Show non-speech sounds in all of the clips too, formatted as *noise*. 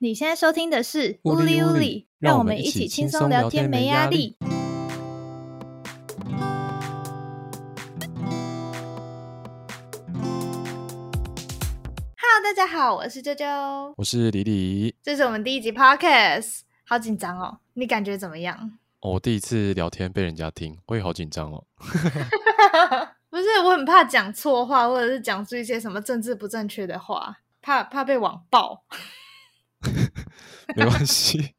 你現在收聽的是烏里烏里，讓我們一起輕鬆聊天，沒壓力。壓力 Hello，大家好，我是啾啾，我是李李，這是我們第一集 Podcast，好緊張哦，你感覺怎麼樣？哦，我第一次聊天被人家聽，我也好緊張哦。 *laughs* *laughs* 不是，我很怕講錯話，或者是講出一些什麼政治不正確的話，怕怕被網暴。 *laughs* 沒關係，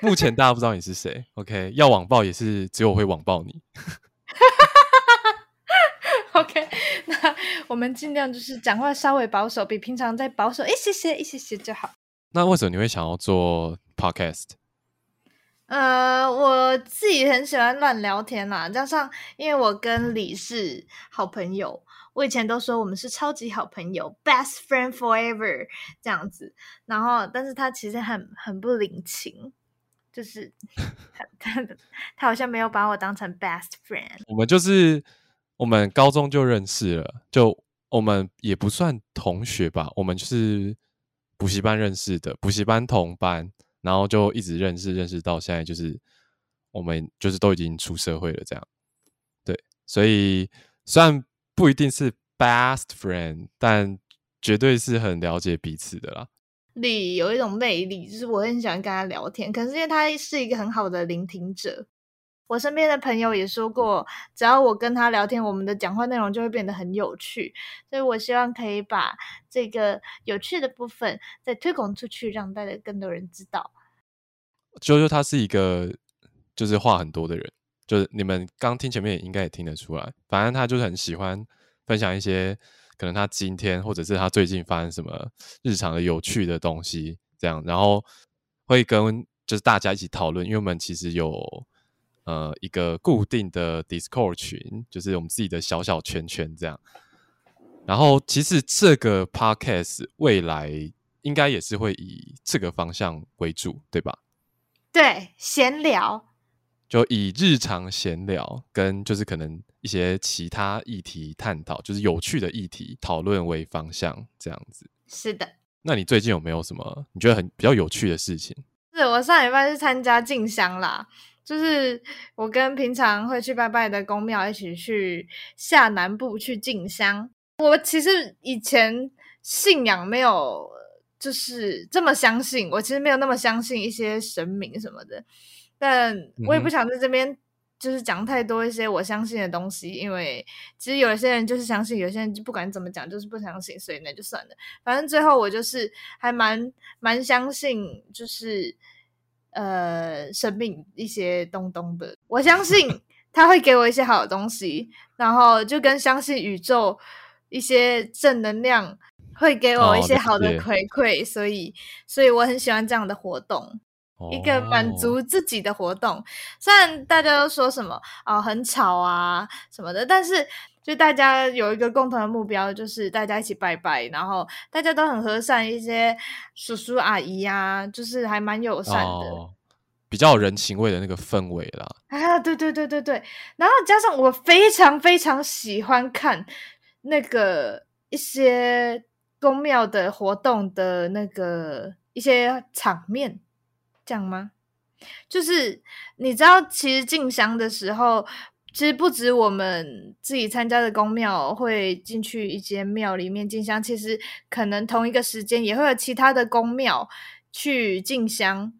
目前大家不知道你是誰。 *laughs* OK，要網暴也是只有我會網暴你。 *laughs* *laughs* OK，那我們盡量就是講話稍微保守，比平常再保守一些些一些一些就好。那為什麼你會想要做 Podcast？呃，我自己很喜歡亂聊天啦、啊，加上因為我跟李是好朋友，我以前都說我們是超級好朋友，best friend forever 這樣子。然後，但是他其實很很不領情，就是 *laughs* 他他好像沒有把我當成 best friend。我們就是我們高中就認識了，就我們也不算同學吧，我們就是補習班認識的，補習班同班。然後就一直認識，認識到現在，就是我們就是都已經出社會了，這樣。對，所以雖然不一定是 best friend，但絕對是很了解彼此的啦。你有一種魅力，就是我很喜歡跟他聊天，可是因為他是一個很好的聆聽者。我身邊的朋友也說過，只要我跟他聊天，我們的講話內容就會變得很有趣。所以我希望可以把這個有趣的部分再推廣出去，讓大家更多人知道。啾啾他是一個就是話很多的人，就是你們剛聽前面也應該也聽得出來。反正他就是很喜歡分享一些可能他今天或者是他最近發生什麼日常的有趣的東西，這樣，然後會跟就是大家一起討論。因為我們其實有。呃，一個固定的 Discord 群，就是我們自己的小小圈圈這樣。然後，其實這個 Podcast 未來應該也是會以這個方向為主，對吧？對，閒聊，就以日常閒聊跟就是可能一些其他議題探討，就是有趣的議題討論為方向，這樣子。是的。那你最近有沒有什麼你覺得很比較有趣的事情？是我上禮拜去參加靜香啦。就是我跟平常會去拜拜的宮廟一起去下南部去進香。我其實以前信仰沒有就是這麼相信，我其實沒有那麼相信一些神明什麼的。但我也不想在這邊就是講太多一些我相信的東西，因為其實有一些人就是相信，有些人就不管怎麼講就是不相信，所以那就算了。反正最後我就是還蠻蠻相信，就是。呃，生命一些東東的，我相信他會給我一些好東西， *laughs* 然後就跟相信宇宙一些正能量會給我一些好的回饋，Oh, that's it. 所以，所以我很喜歡這樣的活動，Oh. 一個滿足自己的活動。雖然大家都說什麼啊、哦，很吵啊什麼的，但是。就大家有一個共同的目標，就是大家一起拜拜，然後大家都很和善，一些叔叔阿姨啊，就是還蠻友善的，哦、比較有人情味的那個氛圍啦。哎、啊、對對對對對，然後加上我非常非常喜歡看那個一些宮廟的活動的那個一些場面，這樣嗎？就是你知道，其實進香的時候。其實不止我們自己參加的宮廟會進去一間廟裡面進香，其實可能同一個時間也會有其他的宮廟去進香，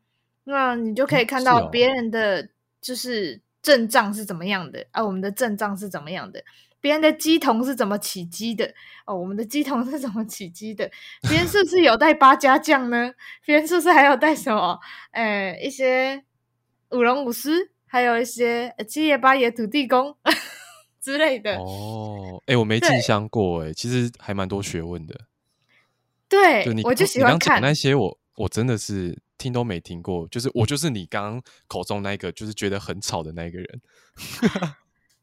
那你就可以看到別人的就是陣仗是怎麼樣的啊，我們的陣仗是怎麼樣的？別、嗯啊啊、人的乩童是怎麼起乩的？哦，我們的乩童是怎麼起乩的？別人是不是有帶八家將呢？別 *laughs* 人是不是還有帶什麼？哎、呃，一些舞龍舞獅？還有一些七爺八爺、土地公呵呵之類的哦，哎、欸，我沒進香過哎、欸，對其實還蠻多學問的。對，對我就喜歡看你剛剛講那些我，我我真的是聽都沒聽過。就是我就是你剛剛口中那個，就是覺得很吵的那個人。嗯、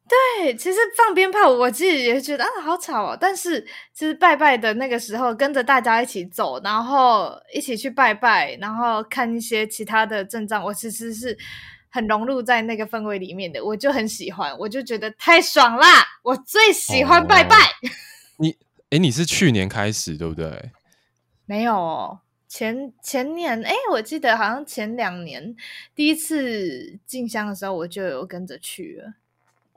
*laughs* 對，其實放鞭炮我自己也覺得啊，好吵哦、喔。但是其實拜拜的那個時候，跟着大家一起走，然後一起去拜拜，然後看一些其他的陣仗，我其實是。很融入在那個氛圍裡面的，我就很喜歡，我就覺得太爽啦！我最喜歡拜拜。Oh, wow. 你哎，你是去年開始對不對？沒有，前前年，哎，我記得好像前兩年第一次進香的時候，我就有跟着去了。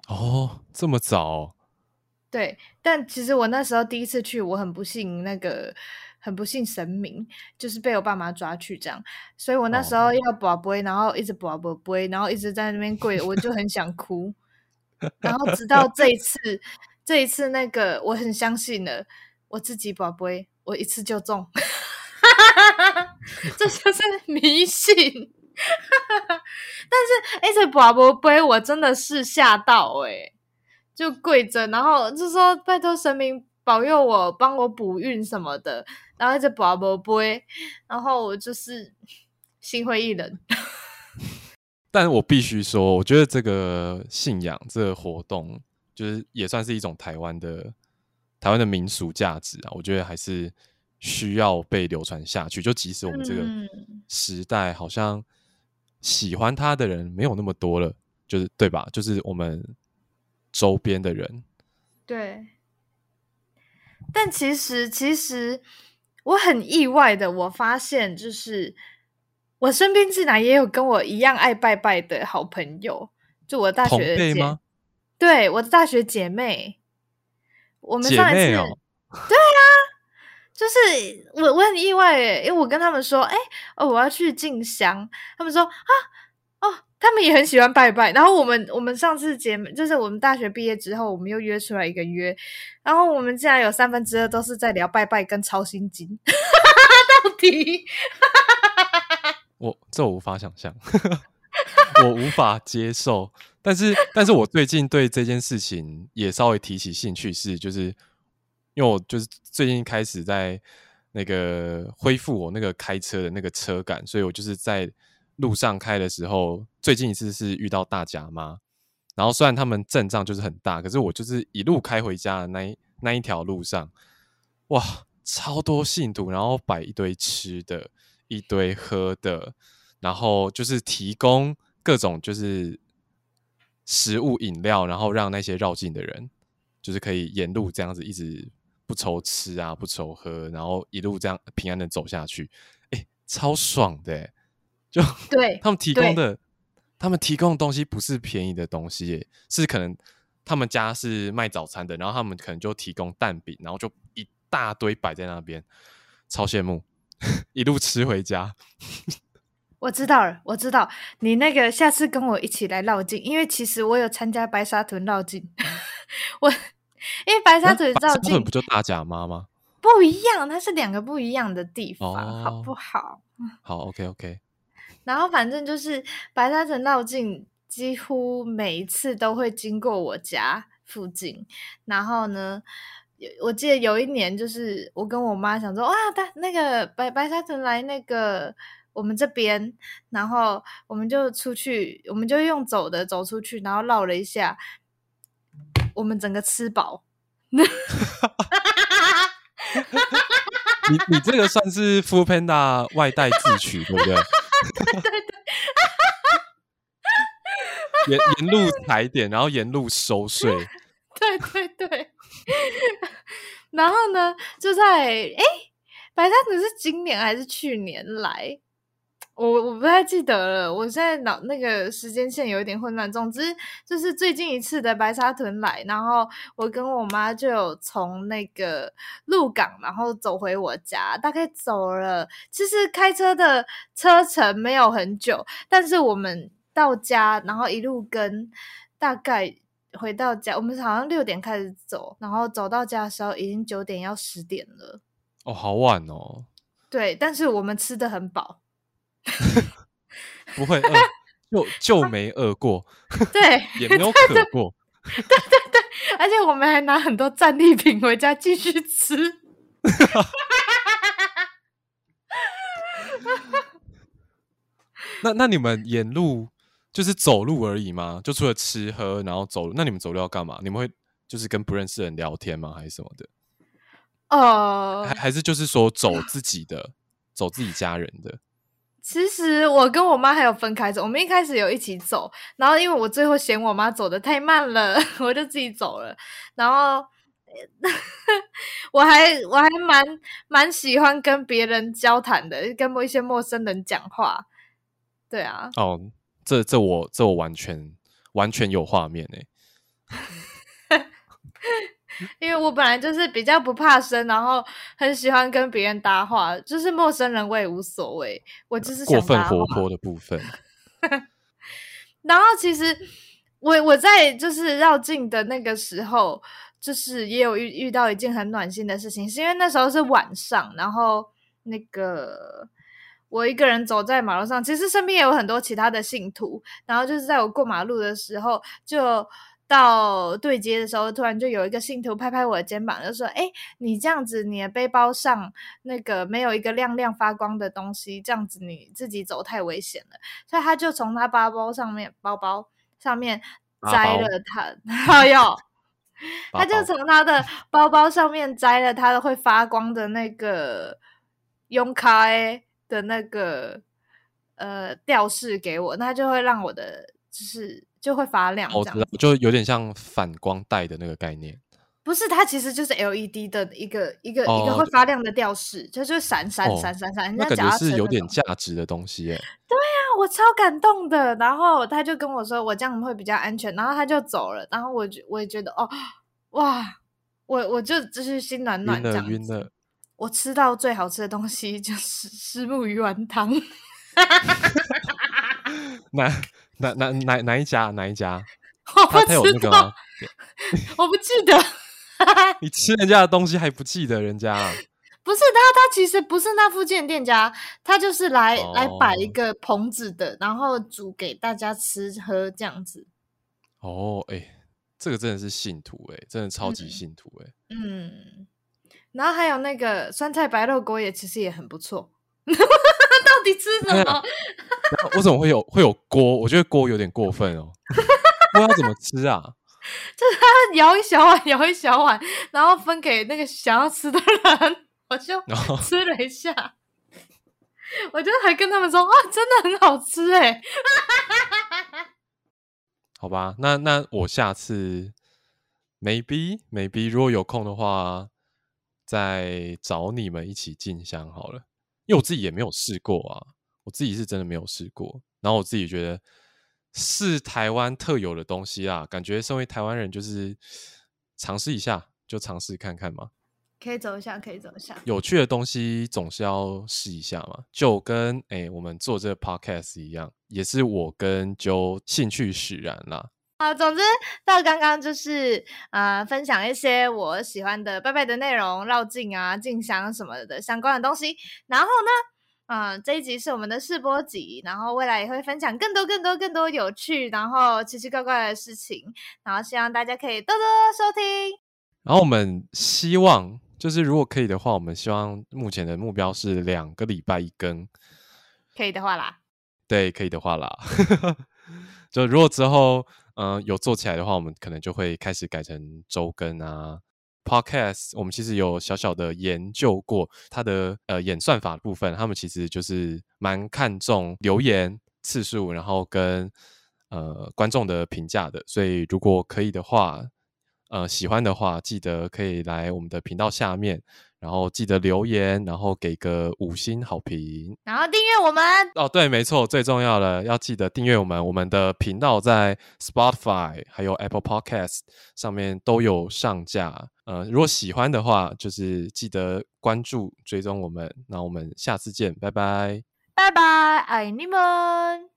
哦，oh, 這麼早？對，但其實我那時候第一次去，我很不幸那個。很不信神明，就是被我爸媽抓去這樣，所以我那時候要博杯，哦、然後一直博博杯然後一直在那邊跪， *laughs* 我就很想哭。然後直到這一次， *laughs* 這一次那個我很相信了，我自己博杯我一次就中。 *laughs* 這就是迷信。 *laughs* 但是哎，這博博杯我真的是嚇到哎、欸，就跪着，然後就說拜托神明，保佑我，幫我補運什麼的，然後一直博杯，然後我就是心灰意冷。但我必須說，我覺得這個信仰、這個活動，就是也算是一種台灣的台灣的民俗價值啊。我覺得還是需要被流傳下去。就即使我們這個時代好像喜歡他的人沒有那麼多了，嗯、就是對吧？就是我們周邊的人，對。但其實，其實我很意外的，我發現就是我身邊竟然也有跟我一樣愛拜拜的好朋友，就我大學的姐妹，嗎對我的大學姐妹，我們上一次，哦、對啊，就是我我很意外，因為我跟他們說，誒、欸、哦，我要去進香，他們說啊。他們也很喜歡拜拜，然後我們我們上次節目就是我們大學畢業之後，我們又約出來一個約，然後我們竟然有三分之二都是在聊拜拜跟抄心經， *laughs* 到底， *laughs* 我這我無法想象， *laughs* 我無法接受， *laughs* 但是但是我最近對這件事情也稍微提起興趣是，是就是因為我就是最近開始在那個恢復我那個開車的那個車感，所以我就是在。路上開的時候，最近一次是遇到大甲媽，然後雖然他們陣仗就是很大，可是我就是一路開回家的那一那一條路上，哇，超多信徒，然後擺一堆吃的，一堆喝的，然後就是提供各種就是食物飲料，然後讓那些繞境的人就是可以沿路這樣子一直不愁吃啊，不愁喝，然後一路這樣平安的走下去，哎，超爽的。就對他們提供的，對他們提供的東西不是便宜的東西耶，是可能他們家是賣早餐的，然後他們可能就提供蛋餅，然後就一大堆擺在那邊，超羨慕，一路吃回家。 *laughs* 我知道了，我知道你那個下次跟我一起來繞境，因為其實我有參加白沙屯繞境， *laughs* 我因為白沙屯繞境不，不就大甲媽嗎嗎？不一樣，它是兩個不一樣的地方，哦、好不好？好，OK，OK。Okay, okay. 然後反正就是白沙屯繞境，幾乎每一次都會經過我家附近。然後呢，我記得有一年，就是我跟我媽想說，哇，那那個白白沙屯來那個我們這邊，然後我們就出去，我們就用走的走出去，然後繞了一下，我們整個吃飽。 *laughs* *laughs* 你你這個算是 Food Panda 外帶自取， *laughs* 對不對？ *laughs* 對對對，哈哈哈，沿沿路踩點，然後沿路收稅。 *laughs* 對對對， *laughs* 然後呢，就在哎、欸，白山子是今年還是去年來？我我不太記得了，我現在腦那個時間線有一點混亂。總之就是最近一次的白沙屯來，然後我跟我媽就有從那個鹿港，然後走回我家，大概走了。其實開車的車程沒有很久，但是我們到家，然後一路跟大概回到家，我們好像六點開始走，然後走到家的時候已經九點要十點了。哦，好晚哦。對，但是我們吃得很飽。 *laughs* 不會餓餓， *laughs* 就就沒餓過，啊，對， *laughs* 也沒有渴過，對對 *laughs* 對，對對對 *laughs* 而且我們還拿很多戰利品回家繼續吃。那那你們沿路就是走路而已嗎？就除了吃喝，然後走路，那你們走路要幹嘛？你們會就是跟不認識人聊天嗎？還是什麼的？哦、uh，還是就是說走自己的， *laughs* 走自己家人的。其實我跟我媽還有分開走，我們一開始有一起走，然後因為我最後嫌我媽走得太慢了，我就自己走了。然後呵呵我還我還蠻蠻喜歡跟別人交談的，跟一些陌生人講話。對啊。哦，這這我這我完全完全有畫面欸。 *laughs* 因為我本來就是比較不怕生，然後很喜歡跟別人搭話，就是陌生人我也無所謂，我就是過分活潑的部分。 *laughs* 然後其實我我在就是繞境的那個時候，就是也有遇遇到一件很暖心的事情，是因為那時候是晚上，然後那個我一個人走在馬路上，其實身邊也有很多其他的信徒，然後就是在我過馬路的時候就。到對接的時候，突然就有一個信徒拍拍我的肩膀，就說：“哎、欸，你這樣子，你的背包上那個沒有一個亮亮發光的東西，這樣子你自己走太危險了。”所以他就從他包包上面，包包上面摘了他，然後又他就從他的包包上面摘了他會發光的那個用開的那個呃吊飾給我，那就會讓我的就是。就會發亮，啊，就有點像反光帶的那個概念。不是，它其實就是 LED 的一個一個、哦、一個會發亮的吊飾，對就是閃閃閃閃閃閃。我、哦、感覺是有點價值的東西耶。對呀，啊，我超感動的。然後他就跟我說，我這樣會比較安全。然後他就走了。然後我我也覺得，哦，哇，我我就就是心暖暖的，暈了。暈了，我吃到最好吃的東西就是虱目魚丸湯。 *laughs* *laughs* 那。 *laughs* 哪哪哪哪一家？哪一家？他有那個嗎？我不記得 *laughs* 。 *laughs* 你吃人家的東西還不記得人家、啊？不是他，他其實不是那附近店家，他就是來、哦、來擺一個棚子的，然後煮給大家吃喝這樣子。哦，哎、欸，這個真的是信徒哎、欸，真的超級信徒哎、欸嗯。嗯，然後還有那個酸菜白肉鍋也其實也很不錯。 *laughs* 你吃什麼？我怎麼會有 *laughs* 會有鍋？我覺得鍋有點過分哦。那 *laughs* 要怎麼吃啊？就是他舀一小碗，舀一小碗，然後分給那個想要吃的人。我就吃了一下， *laughs* 我就還跟他們說啊，真的很好吃哎、欸。 *laughs* 好吧，那那我下次 maybe maybe 如果有空的話，再找你們一起進香好了。因為我自己也沒有試過啊，我自己是真的沒有試過。然後我自己覺得是台灣特有的東西啊，感覺身為台灣人就是嘗試一下，就嘗試看看嘛。可以走一下，可以走一下。有趣的東西總是要試一下嘛，就跟哎、欸，我們做這個 podcast 一樣，也是我跟就興趣使然啦。好，總之到剛剛就是呃，分享一些我喜歡的拜拜的內容，繞境啊、進香什麼的，相關的東西。然後呢，嗯、呃，這一集是我們的試播集，然後未來也會分享更多、更多、更多有趣，然後奇奇怪怪的事情。然後希望大家可以多多，多收聽。然後我們希望，就是如果可以的話，我們希望目前的目標是兩個禮拜一更。可以的話啦。對，可以的話啦。 *laughs* 就如果之後嗯、呃、有做起來的話，我們可能就會開始改成周更啊，Podcast。我們其實有小小的研究過它的呃演算法的部分，他們其實就是蠻看重留言次數，然後跟呃觀眾的評價的。所以如果可以的話。呃，喜歡的話，記得可以來我們的頻道下面，然後記得留言，然後給個五星好評，然後訂閱我們。哦，對，沒錯，最重要的，要記得訂閱我們。我們的頻道在 Spotify 還有 Apple Podcast 上面都有上架。呃，如果喜歡的話，就是記得關注，追蹤我們。那我們下次見，拜拜，拜拜，愛你們。